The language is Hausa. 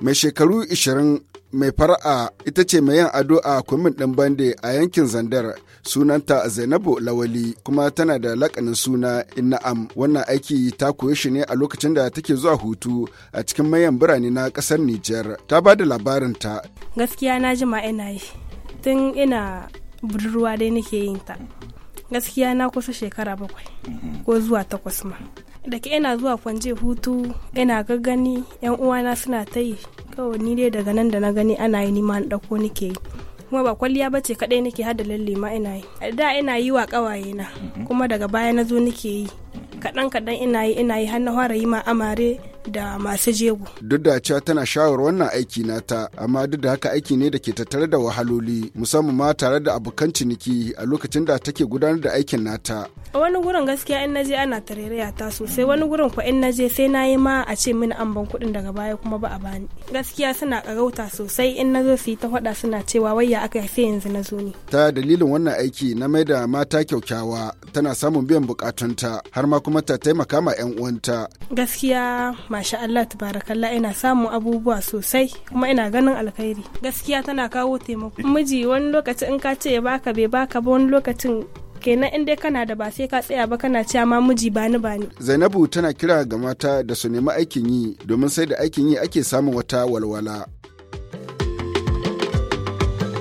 mai shekaru 20 mai fara'a ita ce mai yin ado a kwamin ɗin bande a yankin zandar sunanta zainabu lawali kuma tana da lakanin suna inna'am wannan aiki ta koyi shi ne a lokacin da take zuwa hutu a cikin mayan birane na kasar nijar ta ba da labarinta gaskiya na jima ina yi tun ina budurwa dai nake yin ta gaskiya na kusa shekara bakwai ko zuwa takwas ma da ke ina zuwa kwanje hutu ina gaggani yan uwana suna ta yi kawai ni dai daga nan da na gani ana yi ni ma ɗauko nake yi kuma ba kwalliya ba ce kaɗai nake hada lalle ma ina yi da ina yi wa ƙawaye na kuma daga baya na zo nake yi kaɗan kaɗan ina yi ina yi har na fara yi ma amare da masu jego. Duk da cewa tana shawar wannan aiki nata, amma duk da haka aiki ne da ke tattare da wahaloli, musamman ma tare da abokan ciniki a lokacin da take gudanar da aikin nata. A wani gurin gaskiya in naje ana tarairaya ta sosai, wani gurin ko in naje sai na yi ma a ce mini an ban kuɗin daga baya kuma ba a bani. Gaskiya suna karauta sosai in nazo su yi ta faɗa suna cewa wayya aka sai yanzu na zo ne. Ta dalilin wannan aiki na mai da mata kyaukyawa tana samun biyan bukatunta har ma kuma ta taimaka ma 'yan uwanta. Gaskiya masha Allah barakalla ina samun abubuwa sosai kuma ina ganin alkhairi gaskiya tana kawo taimako miji wani lokaci in ka ce ya baka bai baka ba wani lokacin kenan in dai kana da ba sai ka tsaya ba kana cewa ma miji bani bani. Zainabu tana kira ga mata da su nemi aikin yi domin sai da aikin yi ake samun wata walwala.